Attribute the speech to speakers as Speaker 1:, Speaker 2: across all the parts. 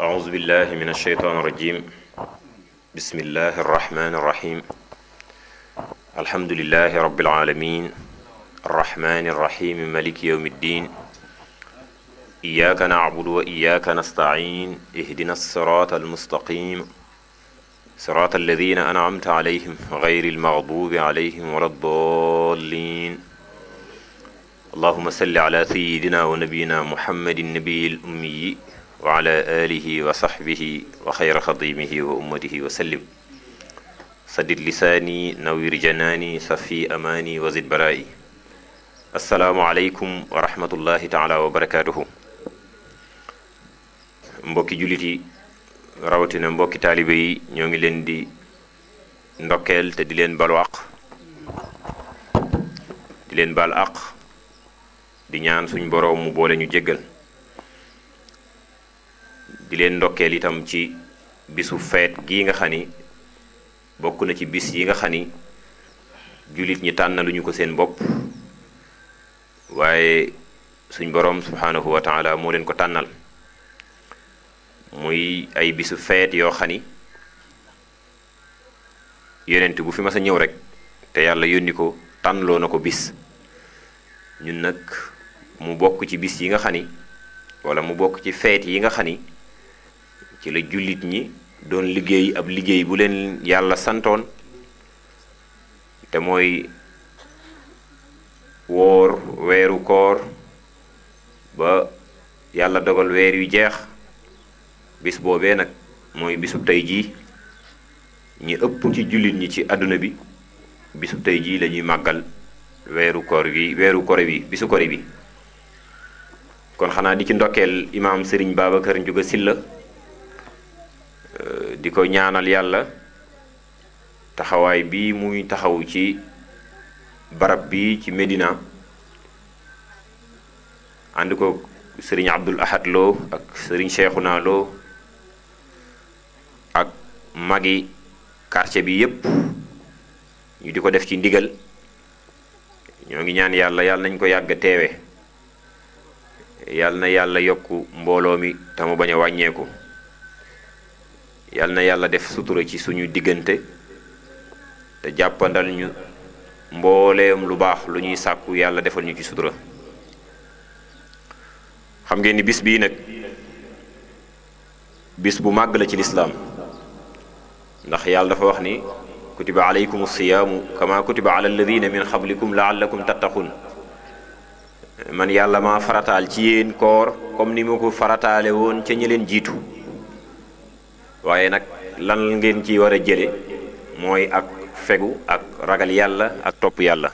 Speaker 1: أعوذ بالله من الشيطان الرجيم بسم الله الرحمن الرحيم الحمد لله رب العالمين الرحمن الرحيم ملك يوم الدين إياك نعبد وإياك نستعين اهدنا الصراط المستقيم صراط الذين أنعمت عليهم غير المغضوب عليهم ولا الضالين اللهم صل على سيدنا ونبينا محمد النبي الأمي wa ala alihi wa sahbihi wa xayra xadimihi wa ummatihi wa sallim sadid lisaani nawir janaani safi amaani wa zid baraa'i asalaamu aleykum wa rahmatullahi taala wa barakaatuhu mbokki jullit yi rawatina mbokki taalibe ñoo ngi leen di ndokkeel te di leen balu àq leen bal àq di ñaan suñ boroom mu boole ñu jéggal di leen ndokkeel itam ci bisu feet gii nga xam ni bokk na ci bis yi nga xam ni jullit ñi tànnaluñu ko seen bopp waaye suñ boroom subhaanahu wa taala moo leen ko tànnal muy ay bisu feet yoo xani ni yonent bu fi mas a ñëw rek te yàlla yónni ko tànnloo na ko bis ñun nag mu bokk ci bis yi nga xam ni wala mu bokk ci feet yi nga xam ni ci la jullit ñi doon liggéey ab liggéey bu leen yàlla santoon te mooy woor weeru koor ba yàlla dogal weer yu jeex bis boobee nag mooy bisub tey ji ñi ëpp ci jullit ñi ci àdduna bi bisub tey jii lañuy màggal weeru koor bi weeru kore bi bisu kore bi kon xanaa di ci ndokkeel imaam Serigne Babacar Ndiouga Sylla Eh, di ko ñaanal yàlla taxawaay bii muy taxaw ci barab bi ci Medina ànd ko sëriñ Abdul Ahad ak sëriñ Cheikhouna Lo ak magi quartier bi yépp ñu di ko def ci ndigal ñoo ngi ñaan yàlla yàlla nañ ko yàgg a teewe yàlla na yàlla yokk mbooloo mi te mu bañ a wàññeeku yalna yàlla def sutura ci suñu digënté te jàppandal ñu mbooleem lu baax lu ñuy sàkku yàlla defal ñu ci sutura xam ngeen ni bis bi nak bis bu mag la ci l'islam ndax yàlla dafa wax ni kutiba alaykum as-siyam kama kutiba ala alladhina min qablikum laallakum tattaqun man yàlla ma faratal ci yéen koor comme ni ma ko farataale woon ca waye nak lan ngeen ci wara jëlé moy ak fegu ak ragal yalla ak topi yalla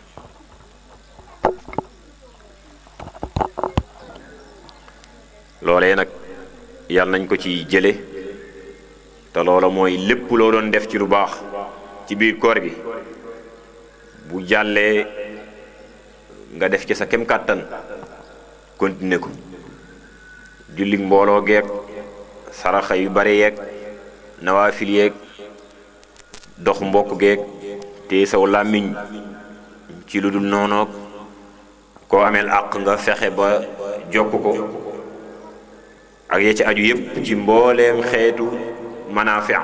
Speaker 1: lolé nak yalla nañ ko ci jëlé té lolo moy lepp lo doon def ci lu baax ci biir koor bi bu jallé nga def ci sa kem katan continuer ko mbolo geek saraxay yu bari yek nawaafil yeeg dox mbokk geeg te saw làmmiñ ci lu dul noonoog koo ameel àq nga fexe ba jokk ko ak ya ci aju yépp ci mbooleem xeetu manaafiya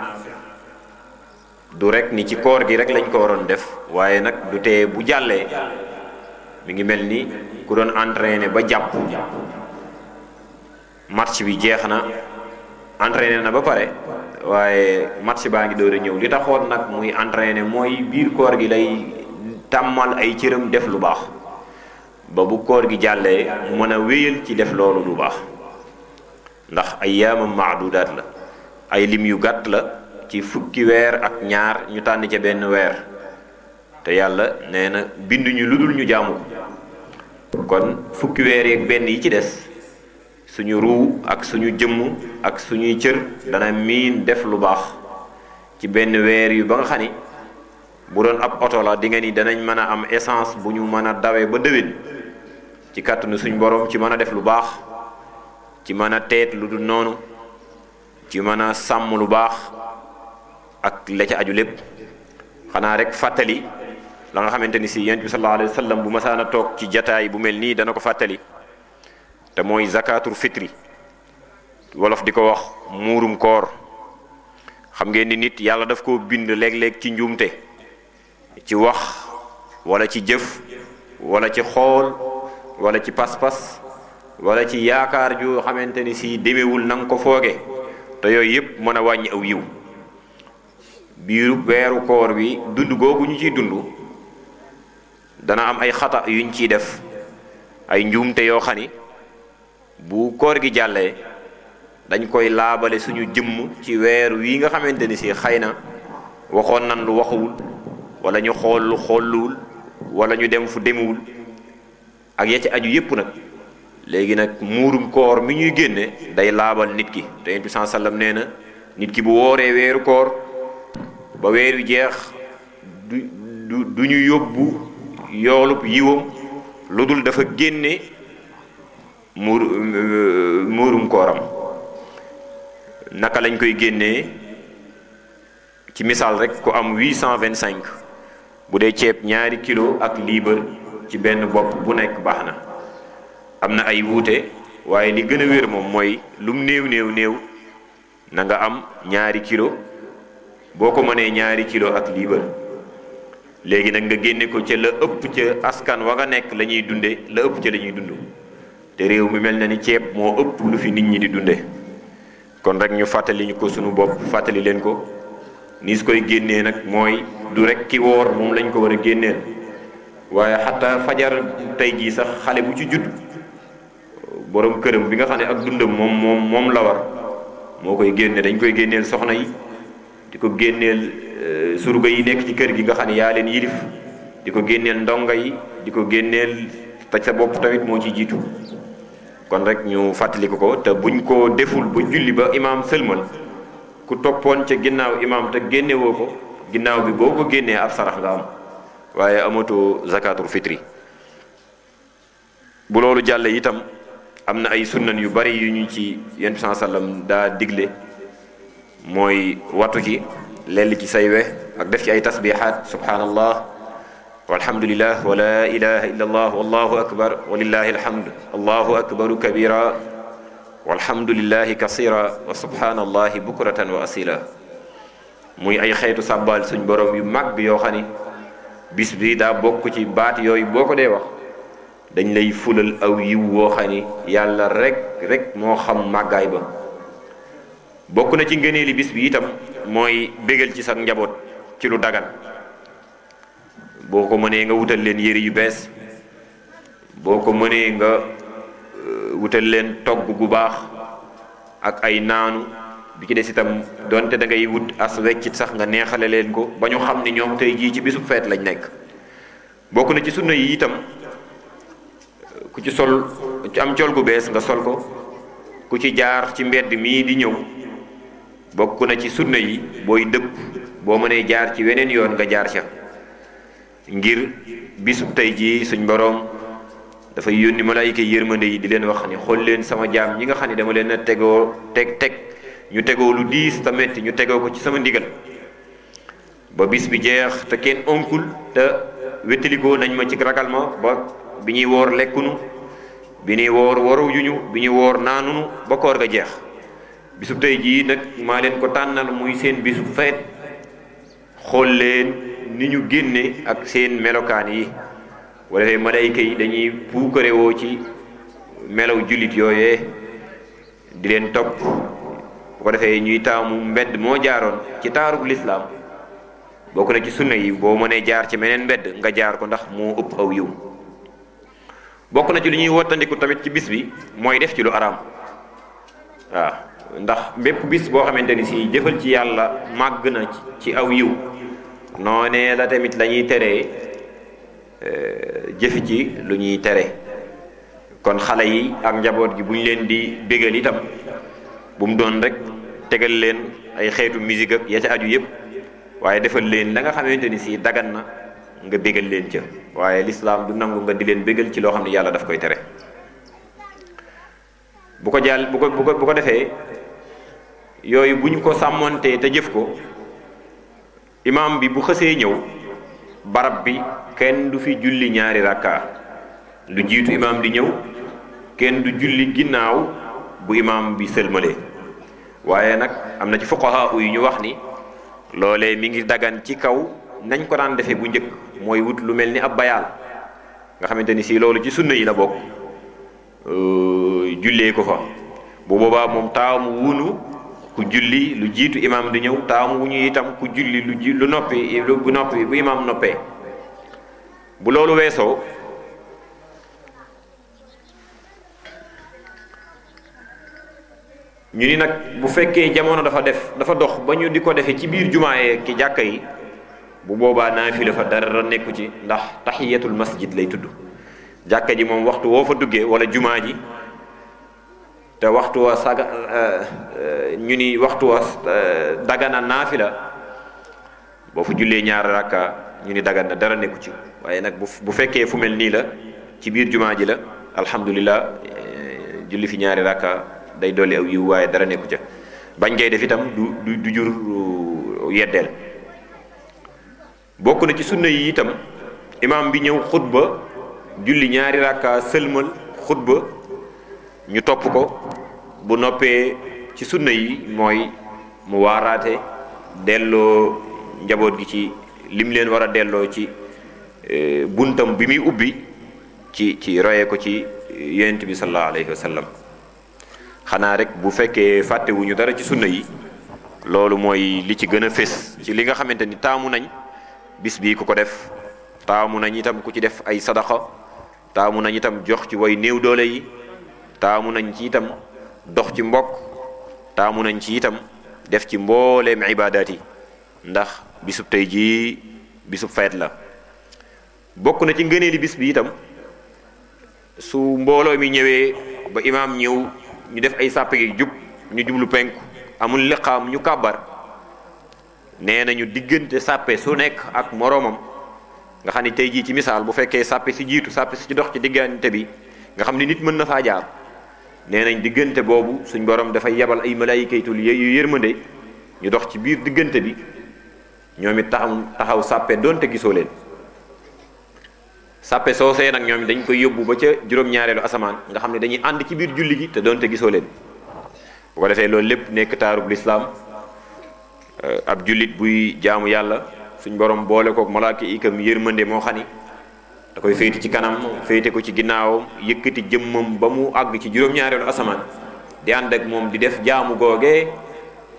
Speaker 1: du rek ni ci koor gi rek lañ ko waroon def waaye nag du tee bu jàllee mu ngi mel ni ku doon entraîné ba jàpp match bi jeex na entraîné na ba pare waaye match baa ngi door a ñëw li taxoon nag muy entraîné mooy biir koor gi lay tàmmal ay cëram def lu baax ba bu koor gi jàllee mën a wéyal ci def loolu lu baax ndax ay yaamam maadudaat la ay lim yu gàtt la ci fukki weer ak ñaar ñu tànn ci benn weer te yàlla nee na binduñu lu dul ñu jaamu ko kon fukki weer yeeg benn yi ci des suñu ruu ak suñu jëm ak suñu cër dana miin def lu baax ci benn weer yu ba nga xam ni bu doon ab oto la di nga ni danañ mën am essence bu ñu mën a dawee ba déwén ci kàttanu suñ borom ci mën a def lu baax ci mën a teet lu dul noonu ci mën a lu baax ak la ca aju lépp xanaa rek fàttali la nga xamante ni si yent bi sallallahu wa bu masaana toog ci jataay bu mel nii dana ko fàttali te mooy zakatul fitri wolof di ko wax muurum koor xam ngeen ni nit yàlla daf ko bind léeg-léeg ci njuumte ci wax wala ci jëf walla ci xool wala ci pas-pas ci yaakaar ju xamante ni si demewul nanga ko fooge te yooyu yëpp mën a wàññi aw yiw biiru weeru koor bi dund googu ñu ciy dund dana am ay xata yuñ ciy def ay njuumte yoo xam ni bu koor gi jàllee dañ koy laabale suñu jëmm ci weer wii nga xamante ni si xay na waxoon nan lu waxuwul wala ñu xool lu xooluwul wala ñu dem fu demuwul ak ya ci aju yépp nag léegi nag muurum koor mi ñuy génne day laabal nit ki te Yonent bi sallallahu nee na nit ki bu wooree weeru koor ba weeru jeex du du du ñu yóbbu yoolub yiwam lu dul dafa génne muur muurum kooram naka lañ koy génnee ci misaal rek ko am cent vingt cinq bu dee ceeb ñaari kilo ak liibar ci benn bopp bu nekk baax na am na ay wuute waaye li gën a wér moom mooy lum néew néew néew na nga am ñaari kilo boo ko mënee ñaari kilo ak liibar léegi nag nga génne ko ca la ëpp ca askan wa nga nekk la ñuy dunde la ëpp ca lañuy ñuy dund te réew mi mel na ni ceeb moo ëpp lu fi nit ñi di dunde kon rek ñu fàttali ñu ko sunu bopp fàttali leen ko ni su koy génnee nag mooy du rek ki woor moom lañ ko war a génneel waaye xataa fajar tey jii sax xale bu ci judd boroom këram bi nga xam ne ak dundam moom moom moom la war moo koy génne dañ koy génneel soxna yi di ko génneel euh, surga yi nekk ci kër gi nga xam ne yaa leen yilif di ko génneel ndongo yi di ko génneel taj sa bopp tamit moo ci jiitu kon rek ñu fàttaliku ko te buñ ko deful ba julli ba imaam sëlmal ku toppoon ca ginnaaw imaam te génnewoo ko ginnaaw bi boo ko génnee ab sarax nga am waaye amatoo zakatul fitri bu loolu jàllee itam am na ay sunnan yu bari yu ñu ci yenn bi sallam daa digle mooy wattu ci lell ci say we ak def ci ay tasbihaat subhanallah والحمد لله ولا إله إلا الله والله أكبر ولله الحمد الله أكبر كبيرا والحمد لله كثيرا وسبحان الله بكرة وأصيلا موي أي خيط سبال سن بروم يمك بيوخاني بس بي دا بوك تي بات يوي بوك دي وخ دنج لي فولل او يو وخاني يالا رك رك مو خم ماغاي با بوكنا تي غنيلي بس بي تام موي بيغل تي سان نجابوت تي لو داغان boo ko mënee nga wutal leen yére yu bees boo ko mënee nga euh, wutal leen togg gu baax ak ay naanu bi ci des itam donte da ngay wut as weccit sax nga neexale leen ko ba ñu xam ne ñoom tey jii ci bisu feet lañ nekk bokk na ci sunna yi itam euh, ku ci sol ci am col gu bees nga sol ko ku ci jaar ci mbedd mii di ñëw bokk na ci sunna yi booy dëpp boo mënee jaar ci weneen yoon nga jaar ca ngir bisub tay ji suñ borom fay yoni malaika yermande yi di len wax ni xol len sama jam, ñi nga xani dama len a tek teg teg ñu tegoo lu 10 ta metti ñu ko ci sama ndigal ba bis bi jeex ta ken onkul te wetiliko nañ ma ci ragal ma ba biñi wor lekunu biñi wor woru waru yuñu biñi wor woor ba koor ga jeex bisub tay ji nak ma len ko tanal muy seen bisub fet xol len ni ñu génne ak seen melokaan yi bu defee malayka yi dañuy puukare woo ci melaw julit yooyee di leen topp bu ko defee ñuy taamu mbedd moo jaaroon ci taarub lislaam bokk na ci sunna yi boo mënee jaar ci meneen mbedd nga jaar ko ndax moo ëpp aw yiw bokk na ci lu ñuy wattandiku tamit ci bis bi mooy def ci lu araam waaw ndax bépp bis boo xamante ni si jëfal ci yàlla màgg na ci aw yiw noonee la tamit lañuy teree euh, jëfe ci lu ñuy tere kon xale yi ak njaboot gi bu ñu leen di bégal itam bu mu doon rek tegal leen ay xeetu musique ak ya ca aju yëpp waaye defal leen la nga xamante ni si dagan na nga bégal leen ca waaye lislaam du nangu nga di leen bégal ci loo xam ne yàlla daf koy tere bu ko jàll bu ko bu ko defee yooyu bu ñu ko sàmmoontee te jëf ko imaam bi bu xësee ñëw barab bi kenn du fi julli ñaari rakka lu jiitu imaam di ñëw kenn du julli ginnaaw bu imaam bi sëlmalee waaye nag am na ci fuqaha yu ñu wax ni loolee mi ngi dagan ci kaw nañ ko daan defee bu njëkk mooy wut lu mel ni ab bayaal nga xamante ni si loolu ci sunna yi la bokk jullee ko fa bu boobaa moom taamu wunu ku julli lu jiitu imaam di ñëw taamu wu ñu itam ku julli lu ji lu noppi lu bu noppi bu imaam noppee bu loolu weesoo ñu ni nag bu fekkee jamono dafa def dafa dox ba ñu di ko defee ci biir jumaa yee ki jàkka yi bu boobaa naafila fa dara nekku ci ndax tax taxiyatul masjid lay tudd jàkka ji moom waxtu woo fa duggee wala jumaa ji te waxtu wa saga euh, euh, ñu ni waxtu wa euh, dagana naafila boo fu jullee ñaar rakka ñu ni dagan dara nekku ci waaye nag bu fekkee fu mel nii la ci biir jumaa ji la alhamdulilah julli fi ñaari rakka day dolli aw yiw waaye dara nekku ca bañ koy def itam du du jur yeddeel bokk na ci sunna yi itam imaam bi ñëw xutba julli ñaari rakka sëlmal xutba ñu topp ko bu noppee ci sunna yi mooy mu waaraate delloo njaboot gi ci lim leen war a delloo ci e, buntam bi muy ubbi ci ci roye ko ci yonent bi sallallahu alayhi wa sallam xanaa rek bu fekkee fàttewuñu dara ci sunna yi loolu mooy li ci gën a fés ci li nga xamante ni taamu nañ bis bii ku ko def taamu nañ itam ku ci def ay sadaqa taamu nañ itam jox ci way néew doole yi taamu nañ ci itam dox ci mbokk taamu nañ ci itam def ci mbooleem ibaadaat yi ndax bisub tey jii bisub fayet la bokk na ci ngëneeli bis bi itam su mbooloo mi ñëwee ba imaam ñëw ñu def ay sàppe gi jub ñu jublu penku amul liqaam ñu kàbbar nee nañu diggante sàppe su nekk ak moroomam nga xam ne tey jii ci misaal bu fekkee sàppe si jiitu sàppe si ci dox ci diggante bi nga xam ne nit mën na faa jaar nee nañ diggante boobu suñ borom dafay yebal ay malaayikatul yu yërmande ñu dox ci biir diggante bi ñoom it taxaw taxaw sàppe doonte gisoo leen sàppe soosee nag ñoom dañ koy yóbbu ba ca juróom-ñaareelu asamaan nga xam ne dañuy ànd ci biir julli gi te doonte gisoo leen bu ko defee loolu lépp nekk taarub lislaam euh, ab jullit buy jaamu yàlla suñ borom boole kook malaaka ikam yërmande moo xam ni da koy féyte ci kanam féyte ko ci ginnaawam yëkkati jëmmam ba mu àgg ci juróom-ñaareelu asamaan di ànd ak moom di def jaamu goge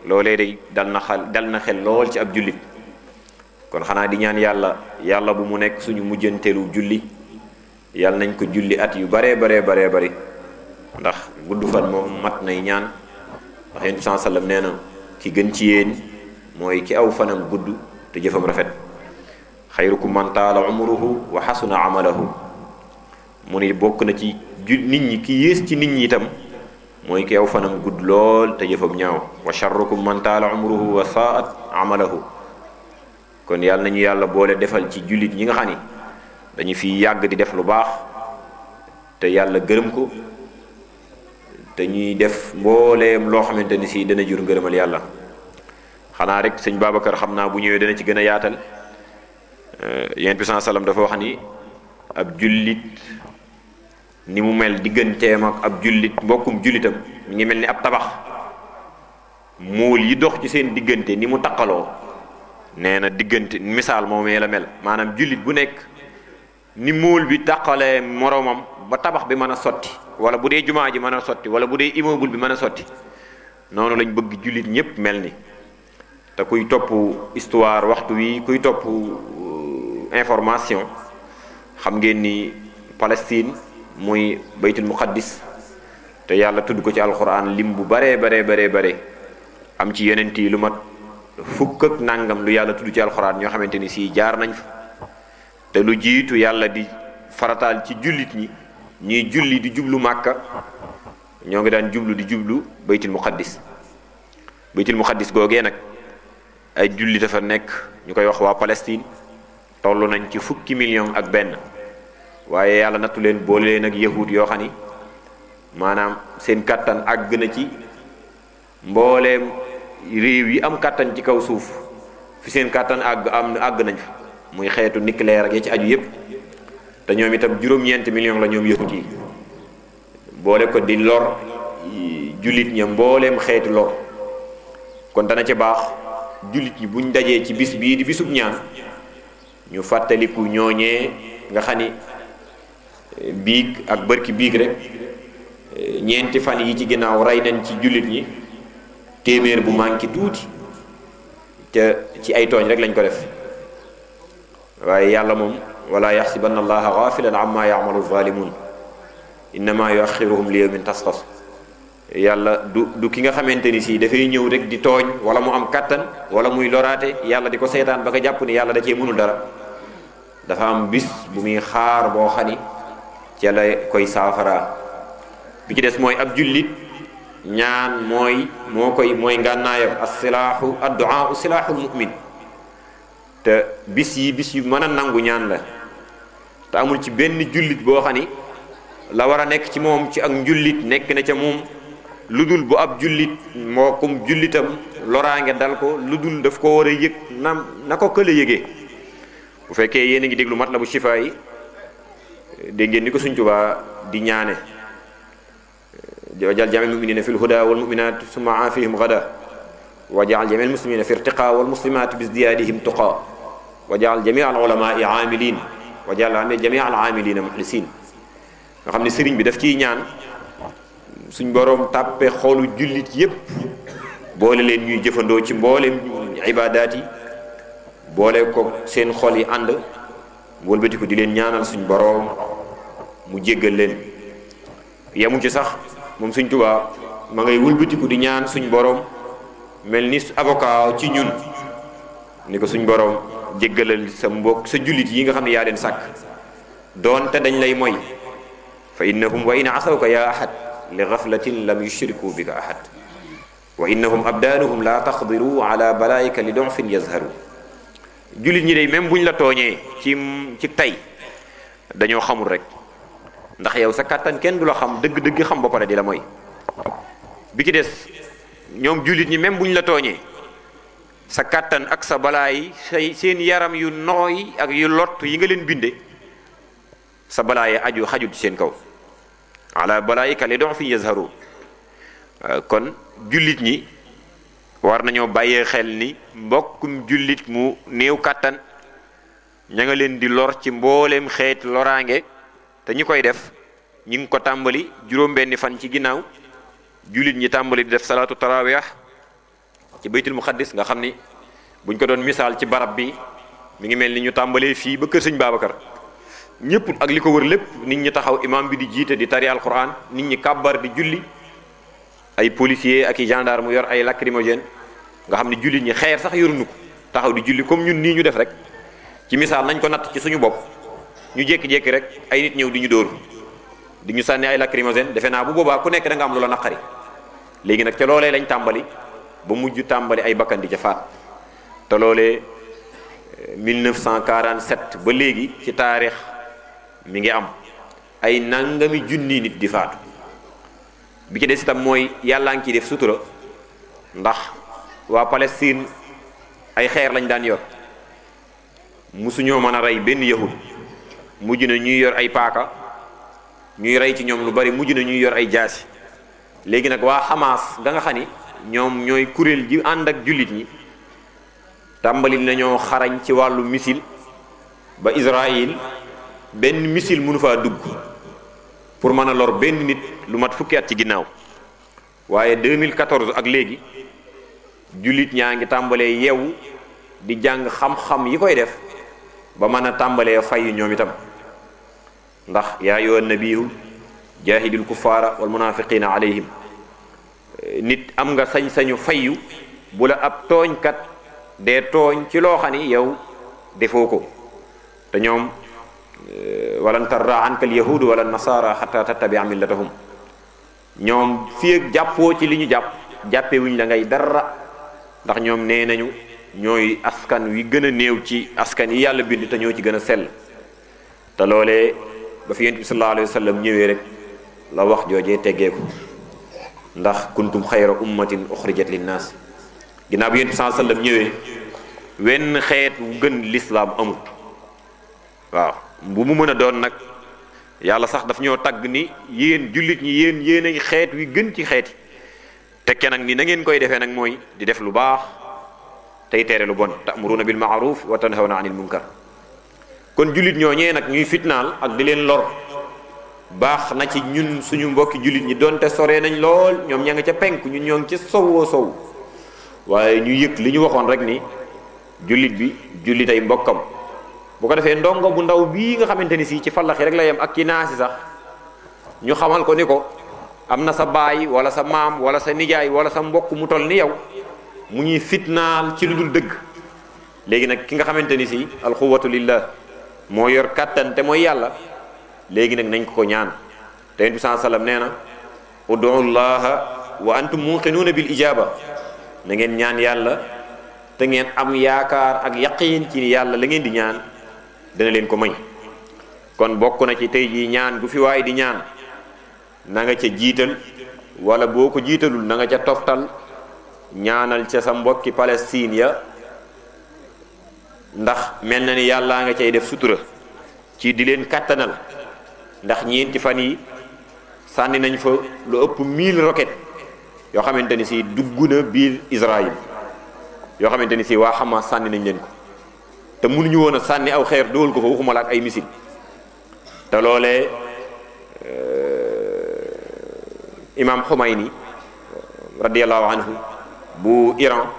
Speaker 1: loolee day dal na xal dal na xel lool ci ab jullit kon xanaa di ñaan yàlla yàlla bu mu nekk suñu mujjanteelu julli yàlla nañ ko julli at yu bare bare gudu bari ndax moom mat nay ñaan ndax yonent saa sallam nee na ki gën ci yéen mooy ki aw fanam gudd te jëfam rafet xayrukum man taala umruhu wa xasuna amalahu mu ni bokk na ci ju nit ñi ki yées ci nit ñi itam mooy ki aw fanam gudd lool te jëfam ñaaw wa charrukum man taala umruhu wa saat amalahu kon yàlla nañu yàlla boole defal ci jullit ñi nga xam ni dañu fi yàgg di def lu baax te yàlla gërëm ko te ñuy def mbooleem loo xamante ni si dana jur ngërëmal yàlla xanaa rek sëñ Babacar xam naa bu ñëwee dana ci gën a yaatal Euh, yonent bi salaam dafa wax ni ab jullit ni mu mel digganteem ak ab jullit mbokkum jullitam mi ngi mel ni ab tabax muul yi dox ci seen diggante ni mu taqaloo nee na diggante misaal moomee la mel maanaam jullit bu nekk ni muul bi taqalee moroomam ba tabax bi mën a sotti wala bu dee jumaa ji mën a sotti wala bu dee immeuble bi mën a sotti noonu lañ bëgg jullit ñépp mel ni te kuy topp histoire waxtu wi kuy topp information xam ngeen ni Palestine muy baytul muqaddis te yàlla tudd ko ci alxuraan lim bu baree baree baree bare am ci yenent yi lu ma fukk ak nangam lu yàlla tudd ci alxuraan ñoo xamante ni sii jaar nañ fa te lu jiitu yàlla di farataal ci jullit ñi ñuy julli di jublu màkka ñoo ngi daan jublu di jublu baytul muqaddis baytul muqaddis googee nag ay jullit dafa nekk ñu koy wax waa Palestine tollu nañ ci fukki million ak ben waye yalla natu len boole leen ak yahud yo xani manam maanaam seen kàttan na ci rew yi am katan ci kaw suuf fi seen katan ag am ag nañ muy xeetu nucléaire ak ya ci aju yépp te ñoom itam juróom million la ñoom yahud yi boole ko di lor julit ña mbooleem xeeti lor kon dana ci bax julit yi buñ dajé ci bis bi di bisub ñaan ñu fàttaliku ñooñee nga xani biig ak barki biig rek ñeenti fan yi ci ginnaaw rey nañ ci jullit ñi téeméer bu manqué tuuti te ci ay tooñ rek lañ ko def waaye yàlla moom wala yaxsibanna allaha gaafilan amma yamalu zalimun innama yuakhiruhum li yawmin tasxas yàlla du du ki nga xamante ni si dafay ñëw rek di tooñ wala mu am kàttan wala muy loraate yàlla di ko seetaan ba nga jàpp ni yàlla da cee mënul dara dafa am bis bu muy xaar boo xani ci la koy saafara bi ci des mooy ab jullit ñaan mooy moo koy mooy ngànnaayam assilaahu adduaa silaahul mu'min te bis yi bis yu mën a nangu ñaan la te amul ci benn jullit boo xam la war a nekk ci moom ci ak njullit nekk na ca moom lu dul bu ab jullit mbokkum jullitam loraange dal ko lu dul daf ko war a yëg na na ko kële yëgee bu fekkee yéen ngi déglu matlabu shifa yi dégg ngeen ni ko suñ tuba di ñaane wajal jamil muminina fi lhuda wal muminat summa aafihim gada wajal jamil muslimina fi irtiqa wal muslimat bi ziyadihim tuqa wajal jami al ulamai aamilin wajal ane jami al aamilina muxlisin nga xam ne sëriñ bi daf ciy ñaan suñ borom tàppe xoolu jullit yépp boole leen ñuy jëfandoo ci mboolem ibaadaat yi boole ko seen xol yi ànd wëlbatiku di leen ñaanal suñ borom mu jéggal leen yamu ci sax moom suñ tuba ma ngay wëlbatiku di ñaan suñ borom mel ni avocat ci ñun ni ko suñ borom jéggalal sa mbokk sa jullit yi nga xam ne yaa leen sàkk doonte dañ lay moy fa innahum wa in asawka ya ahad li ghaflatin lam yushriku bika ahad wa innahum abdaanuhum la taqdiru ala balaika li dufin yazharu jullit ñi day même buñ la tooñee ci ci tey dañoo xamul rek ndax yow sa kàttan kenn du la xam dëgg-dëgg xam ba pare di la mooy bi ci des ñoom jullit ñi même buñ la tooñee sa kàttan ak sa balaa yi say seen yaram yu nooy ak yu lott yi nga leen binde sa balaa yi aju xajut seen kaw ala balaa yi kale dox fi yazharu kon jullit ñi war nañu baye xel ni mbokum julit mu new katan ña nga leen di lor ci mbollem xet lorange te ñi koy def ñi ngi ko tambali juróom benn fan ci ginaaw julit ñi tambali di def salatu tarawih ci baytul muqaddis nga xamni buñ ko doon misal ci barab bi mi ngi mel ñu tambale fi ba keur babakar ñepp ak li wër lepp nit ñi taxaw imam bi di jité di tari alquran nit ñi kàbbar di julli ay policier ak gendarme yor ay lacrymogène nga xamni julit ñi xeer sax yoru taxaw di julli comme ñun ni ñu def rek ci misal nañ ko nat ci suñu bop ñu jek jek rek ay nit ñew di ñu door di ñu sanni ay lacrimogène defe naa bu boba ku nekk da nga am loola nakari léegi nak ci lolé lañ tambali ba mujju tambali ay bakkan di ca faat te 1947 eh, ba legi ci tarikh mi ngi am ay nangami junni nit di faatu bi ci dess tam moy yalla ngi def sutura ndax waa Palestine ay xeer lañ daan yor musuñoo mën a rey benn yahud mujj na ñuy yor ay paaka ñuy rey ci ñoom lu bari mujj na ñuy yor ay jaasi léegi nag waa Hamas da nga xam ni ñoom ñooy kuréel ji ànd ak jullit ñi tàmbali nañoo xarañ ci wàllu missile ba Israël benn missile mënu faa dugg pour mën a lor benn nit lu mat fukki at ci ginnaaw waaye 2014 ak léegi. julit ñangi tambalé tàmbalee di jàng xam-xam yi koy def ba mëna tambalé tàmbalee fayyu ñoom itam ndax ya yoo nabiyu jahidul kufara wal munaafiqiina alayhim nit am nga sañ-sañu fayu bu la ab kat de togn ci lo xani yow defoko te ñoom walan tarra anka al yahud wal nasara hatta tattabia millatahum ñoom fii ak jàppoo ci liñu ñu jàpp jàppewuñ la ngay dara ndax ñoom nee nañu ñooy askan wi gën a néew ci askan yi yàlla bind te ñoo ci gën a sell te loolee ba fi yonent bi sallallahu alayhi wa sallam ñëwee rek la wax joojee teggeeku ndax kuntum xayra ummatin uxrijat linnaas ginnaaw bi yonent bi sallallahu alayhi wa sallam ñëwee wenn xeet wu gën lislaam amul waaw bu mu mën a doon nag yàlla sax daf ñoo tagg ni yéen jullit ñi yéen yéen ay xeet wi gën ci xeet yi te nag ni na ngeen koy defee nag mooy di def lu baax tey teere lu bon ta'muruna bil ma'ruf wa tanhawna anil munkar kon jullit ñooñee nag ñuy fitnaal ak di leen lor baax na ci ñun suñu mbokki jullit ñi donte soree nañ lool ñoom ña nga ca penk ñu ñoo ngi ci sowoo sow waaye ñu yëg li ñu waxoon rek ni jullit bi jullit ay mbokkam boo ko defee ndongo bu ndaw bii nga xamante ni sii ci fallaxi rek la yem ak ci naasi sax ñu xamal ko ni ko am na sa baay wala sa maam wala sa nijaay wala sa mbokk mu toll ni yow mu ñuy fitnaal ci lu dul dëgg léegi nag ki nga xamante ni si alxuwatu lillah moo yor kàttan te mooy yàlla léegi nag nañ ko ko ñaan te du bi saa sallam nee na ud'u llaha wa antum muqinuuna bil ijaaba na ngeen ñaan yàlla te ngeen am yaakaar ak yaqiin ci yàlla la ngeen di ñaan dana leen ko may kon bokk na ci tey ji ñaan gu fi waaye di ñaan na nga ca jiital wala boo ko jiitalul na nga ca toftal ñaanal ca sa mbokki palestine ya ndax mel na ni nga cay def sutura ci di leen kàttanal ndax ñeenti fan yi sànni nañ fa lu ëpp 1000 roquettes yoo xamante ni si dugg na biir israel yoo xamante ni si waa sànni nañ leen ko te mënuñu woon a sànni aw xeer ko fa waxuma laak ay misil te loolee imam Khomeini radiyallahu anhu bu Iran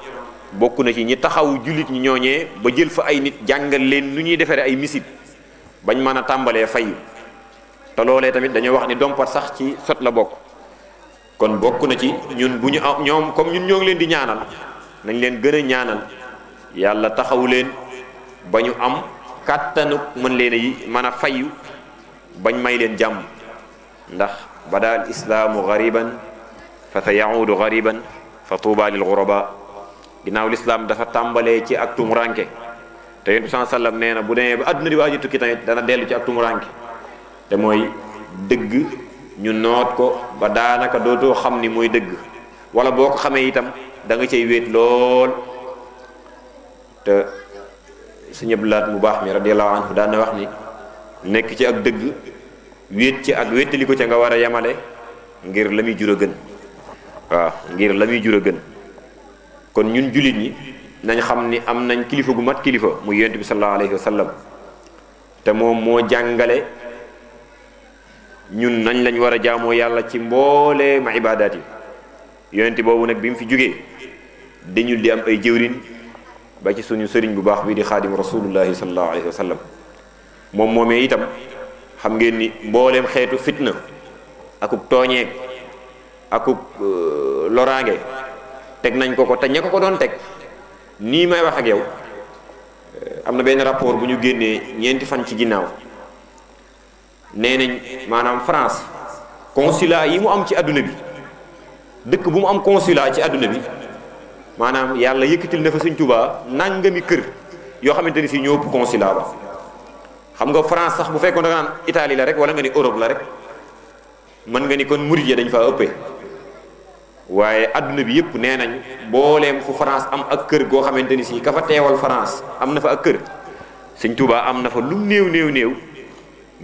Speaker 1: bokku na ci ñi taxaw julit ñi ñoñé ba jël fa ay nit jangal leen nu ñuy défé ay missile bañ mëna tambalé fay ta lolé tamit dañu wax ni dompat sax ci sot la bok kon bokku na ci ñun buñu ñom comme ñun ñong leen di ñaanal nañ leen gëna ñaanal yalla taxaw leen bañu am katanu mën leen yi mëna fayu bañ may leen jamm ndax bada al islaamu gariban fa sa yahuudu gariban fa tuuba lil guraba ginnaaw lislaam dafa tàmbalee ci ak tumuranke te yonent bi saa sallam nee na bu demee ba adduna di waaj tukki tamit dana dellu ci ak tumuranke te mooy dëgg ñu noot ko ba daanaka dootoo xam ni mooy dëgg wala boo ko xamee itam da nga cay wéet lool te suñu laat mu baax mi radiyallahu anhu daan wax ni nekk ci ak dëgg wéet ci ak wéetali ko ca nga war a yemale ngir la muy jur a gën waaw ngir la muy jur a gën kon ñun jullit ñi nañ xam ni am nañ kilifa gu mat kilifa mu yonent bi sallallahu alayhi wa te moom moo jàngale ñun nañ lañ war a jaamoo yàlla ci mboolee ma ibaadaat yi yonent boobu nag bi mu fi jógee dañul di am ay jëwrin ba ci suñu sëriñ bu baax bi di xaadim rasulullahi sallallahu alayhi wa moom moomee itam xam ngeen ni mbooleem xeetu fitna akub tooñeeg akub euh, loraange teg nañ ko ko te ña ko ko doon teg nii may wax ak yow euh, am na benn rapport bu ñu génnee ñeenti fan ci ginnaaw nee nañ maanaam France consulat yi mu am ci adduna bi dëkk bu mu am consulat ci adduna bi maanaam yàlla yëkkatil na fa Sëñ Tuubaa nangami kër yoo xamante ni fii ñoo ëpp consulat ba xam nga France sax bu fekkoon da nga naan Italie la rek wala nga ni Europe la rek mën nga ni kon mouride dañ faa ëppee waaye adduna bi yëpp nee nañ booleem fu France am ak kër goo xamante ni si ka fa teewal France am na fa ak kër Sëñ Tuubaa am na fa lu néew néew néew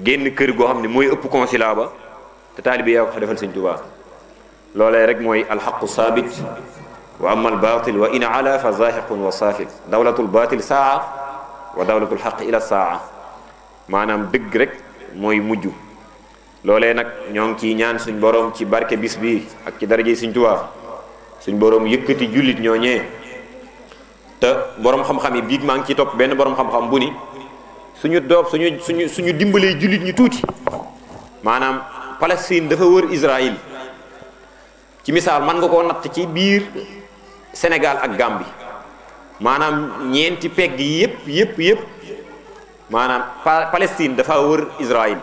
Speaker 1: génn kër goo xam ne mooy ëpp consulat ba te taalibe yaa ko defal Sëñ Tuubaa loolee rek mooy alxaqu sabit wa ama albaatil wa in ala fa zahiqun wa safiq dawlatul batil saa wa dawlatul xaq ila saa manam deug rek moy muju lolé nak ñong ci ñaan suñ borom ci barké bis bi ak ci daraaje suñ tuwa suñ borom yëkëti julit ñoñé te borom xam-xam yi bi ma ngi ci top ben borom xam-xam bu ni suñu doop suñu suñu suñu dimbalé julit ñu tuuti manam Palestine dafa wër Israël ci misal man nga ko natt ci biir Sénégal ak Gambie manam ñenti pegg yépp yépp yépp maanaam Palestine dafa wër Israël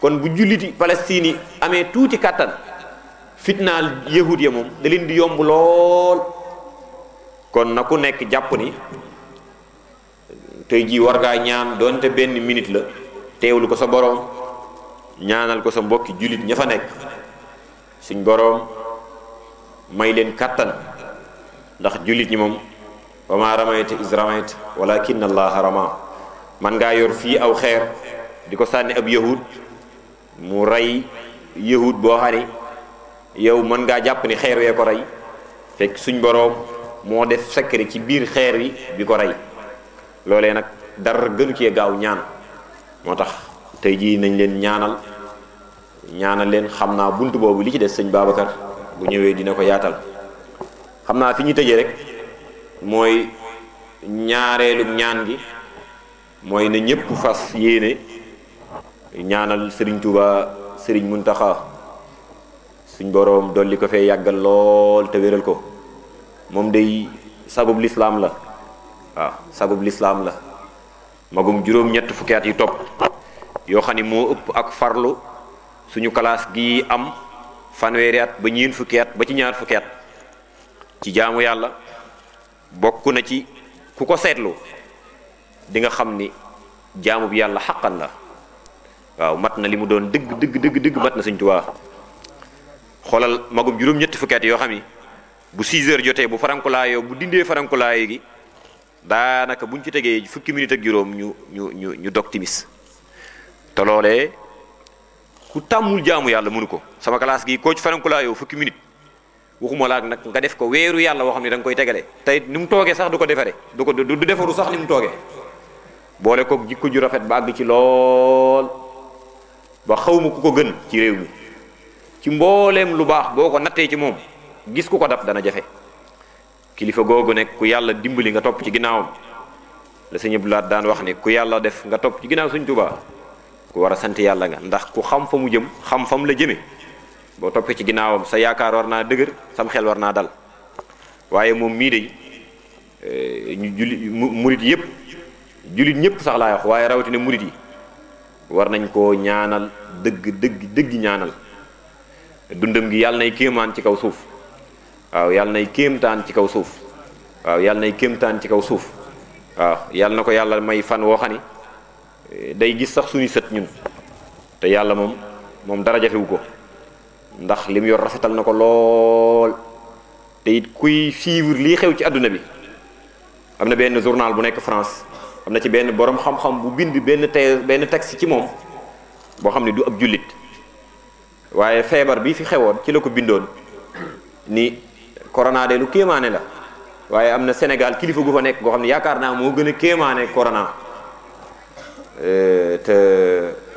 Speaker 1: kon bu jullit yi Palestine yi amee tuuti kàttan fitnaal yahud ya moom da leen di yomb lool kon na ku nekk jàpp ni tey jii war gaa ñaan doonte benn minute la teewlu ko sa boroom ñaanal ko sa mbokki jullit ña fa nekk suñ boroom may leen kàttan ndax jullit ñi moom wa maa ramayta iz ramayta walakinna allaha rama man ngaa yor fii aw xeer di ko sànni ab yahud mu rey yahud boo xam yow mën ngaa jàpp ni xeer wee ko rey fekk suñ boroom moo def secret ci biir xeer wi bi ko rey loolee nag dar gënu cee gaaw ñaan moo tax tey jii nañ leen ñaanal ñaanal leen xam naa bunt boobu li ci des sëñ Babacar bu ñëwee dina ko yaatal xam naa fi ñu tëjee rek mooy ñaareelu ñaan gi mooy na ñëpp fas yéene ñaanal sëriñ Touba sëriñ taxa suñ boroom dolli ko fee yàggal lool te wéral ko moom day sagub lislaam la waaw sagub la magum juróom-ñett fukki yi topp yoo xam ne moo ëpp ak farlu suñu classe gi am fanweeri at ba ñeen fukki ba ci ñaar fukki ci jaamu yàlla bokk na ci ku ko seetlu di nga xam ni jaamu bi yàlla xaqan la waaw mat na li mu doon dëgg dëgg dëgg dëgg mat na sëñ Tuubaa xoolal magum juróom-ñetti fukki at yoo xam ni bu 6 heures jotee bu farankulaayoo bu dindee farankulaay gi daanaka buñ ci tegee fukki minute ak juróom ñu ñu ñu ñu dog timis te loolee ku tàmmul jaamu yàlla mënu ko sama classe gi koo ci farankulaayoo fukki minute waxuma laak nag nga def ko weeru yàlla woo xam ne da nga koy tegale tey ni mu toogee sax du ko defaree du ko du defaru sax ni mu toogee boole ko jikko ju rafet ba àgg ci lool ba xawma ku ko gën ci réew mi ci mbooleem lu baax boo ko nattee ci moom gis ku ko dab dana jafe kilifa googu nekk ku yàlla dimbali nga topp ci ginnaawam la sëñ Abdou Lahad daan wax ne ku yàlla def nga topp ci ginnaaw Sëñ Tuubaa ku war a sant yàlla nga ndax ku xam fa mu jëm xam fam la jëme boo toppee ci ginnaawam sa yaakaar war naa dëgër sam xel war naa dal waaye moom mii de eh, ñu julli murit yépp jullit ñëpp sax laay wax waaye rawatina murit yi war nañ koo ñaanal dëgg dëgg dëgg ñaanal dundam gi yàlla nay kéemaan ci kaw suuf waaw yàlla nay kéemtaan ci kaw suuf waaw yàlla nay kéemtaan ci kaw suuf waaw yàlla na ko yàlla may fan woo xam ni eh, day gis sax suñu sët ñun te yàlla moom moom dara jafewu ko ndax lim yor rafetal na ko lool te it kuy suivre lii xew ci àdduna bi am na benn journal bu nekk France am na ci benn boroom xam-xam bu bind benn te benn taxi ci moom boo xam ne du ab jullit waaye feebar bi fi xewoon ci la ko bindoon ni corona de lu kéemaane la waaye am na Sénégal kilifa gu fa nekk goo xam ne yaakaar naa moo gën a kéemaane corona te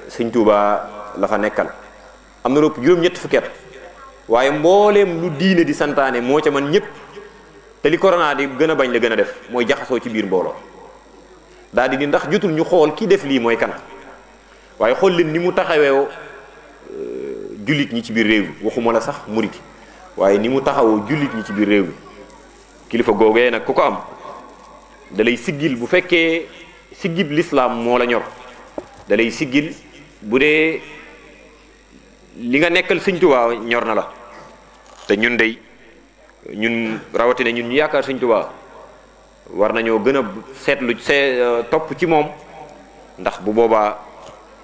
Speaker 1: sëñ Touba la fa nekkal am na lépp juróom-ñett fukki waaye mbooleem lu diine di santaane moo ca man ñëpp te li corona di gën a bañ la gën a def mooy jaxasoo ci biir mbooloo. daa di ni ndax jotul ñu xool kii def lii mooy kan waaye xool leen ni mu taxawee euh, jullit ñi ci biir réew mi waxuma la sax murit waaye ni mu taxawoo jullit ñi ci biir réew mi kilifa googee nag ku ko am dalay siggil bu fekkee siggib lislaam moo la ñor dalay siggil bu dee li nga nekkal Sëñ Tuubaa ñor na la te ñun dey ñun rawatina ñun ñu yaakaar Sëñ Tuubaa war nañoo gën a seetlu see euh, topp ci moom ndax bu boobaa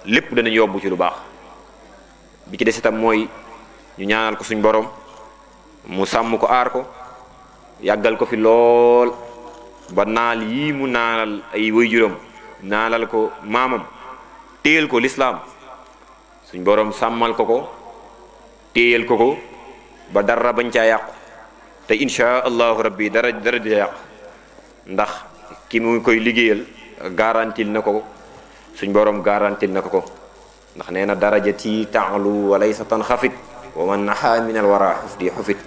Speaker 1: lépp danañ yobbu ci lu baax bi ci des itam mooy ñu ñaanal ko suñ borom mu sàmm ko aar ko yàggal ko fi lool ba naal yii mu naalal ay waajuram naalal ko maamam téyel ko lislaam suñ borom sàmmal ko ko téyel ko ko ba dara bañ caa yàqu te incha allahu rabbi dara dara yàqu ndax ki mu koy liggéeyal garantil na ko suñ borom garantil na ko ko ndax nee na ti taalu wa laysa tan khafit wa man naxa min al wara fi hufit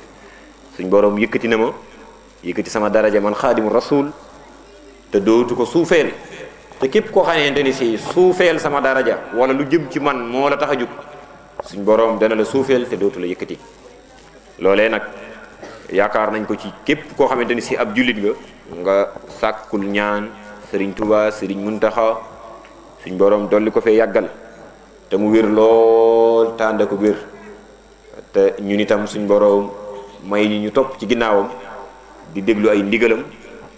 Speaker 1: suñ borom yëkkati na ma sama daraja man khadimur rasul te dootu ko suufeel te képp koo si suufeel sama daraja wala lu jëm ci man moo la tax suñ borom dana la suufeel te dootu la yëkkati loolee nag yaakaar nañ ko ci képp koo xamante si ab jullit nga nga sàkkul ñaan sëriñ Tuubaa sëriñ Muntaxa suñ boroom dolli ko fee yàggal te mu wér lool tànd ko wér te ñun itam suñ boroom may ñu ñu topp ci ginnaawam di déglu ay ndigalam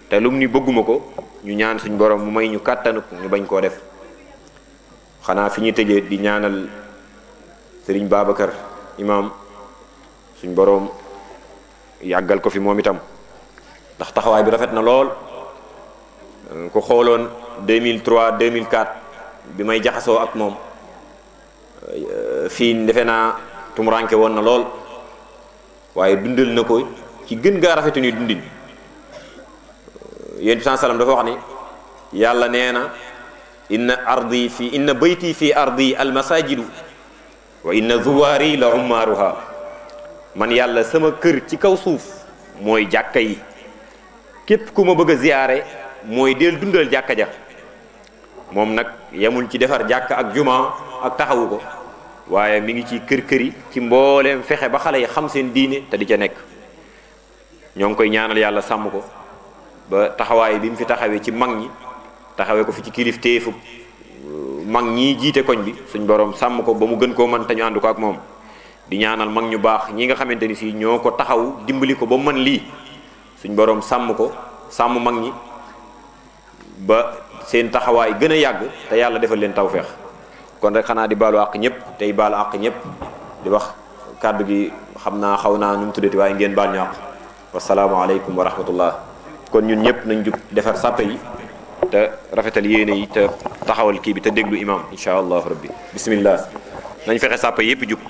Speaker 1: te lum ni bëgguma ko ñu ñaan suñ boroom mu may ñu kàttanuk ñu bañ koo def xanaa fi ñu tëjee di ñaanal sëriñ Babacar imaam suñ boroom yàggal ko fi moom itam ndax taxaway bi rafet na lool ku xooloon 2003 2004 bi may jaxaso ak mom fi defena naa tumuranke na lool waye dundal nako ci gën ga rafetu ni dundin yéen san salam dafa wax ni yàlla neena inna ardi fi inna bayti fi ardi almasajidu wa inna zuwari la umaruha man yàlla sama kër ci kaw suuf moy jakkay kip kuma ma bëgg ziaré moy del dundal jakka ja mom nak yamul ci défar jakka ak juma ak taxawu ko waaye mi ngi ci kër-kër yi ci mbolém fexé ba xalé yi xam seen diiné ta di ca nek ñong koy ñaanal yalla sam ko ba taxaway bi mu fi taxawé ci mag ñi taxawé ko fi ci kilifté fu uh, mag ñi jité koñ bi suñ borom sam ko ba mu gën ko man ñu ko ak mom di ñaanal mag ñu bax ñi nga xamanteni ci ñoko dimbali ko ba man li suñ boroom sàmm ko sàmm mag ñi ba seen taxawaay gën a yàgg te yàlla defal leen tawféex kon rek xanaa di baalu àq ñëpp tey baalu àq ñëpp di wax kàddu gi xam naa xaw naa nu mu tuddati waaye ngeen baal ñu àq wasalaamaaleykum wa rahmatullah kon ñun ñëpp nañ jug defar sàppe yi te rafetal yéene yi te taxawal kii bi te déglu imam incha allah rabbi bismillah nañ fexe sàppe yëpp jug